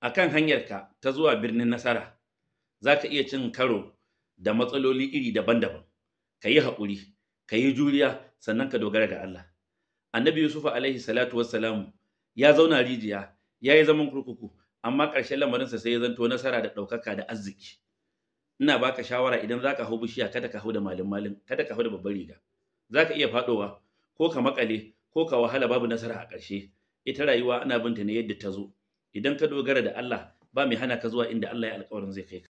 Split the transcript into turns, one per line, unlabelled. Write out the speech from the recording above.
a kan hanyarka ta zuwa birnin nasara za ka iya cin karo da matsaloli iri daban-daban ka yi haƙuri ka yi juriya sannan ka dogara ga Allah annabi Yusuf alaihi salatu wassalamu ya zauna rijiya ya yi zaman kurkuku amma ƙarshen lamarinsa sai ya zanto nasara da ɗaukaka da arziki ina baka shawara idan za ka hau bishiya kada ka hau da malin malin kada ka hau da babbar riga za ka iya faɗowa ko ka maƙale ko ka wahala babu nasara a ƙarshe ita rayuwa ana binta ne yadda ta zo idan ka dogara da Allah ba mai hana ka zuwa inda Allah ya alƙawarin zai kai ka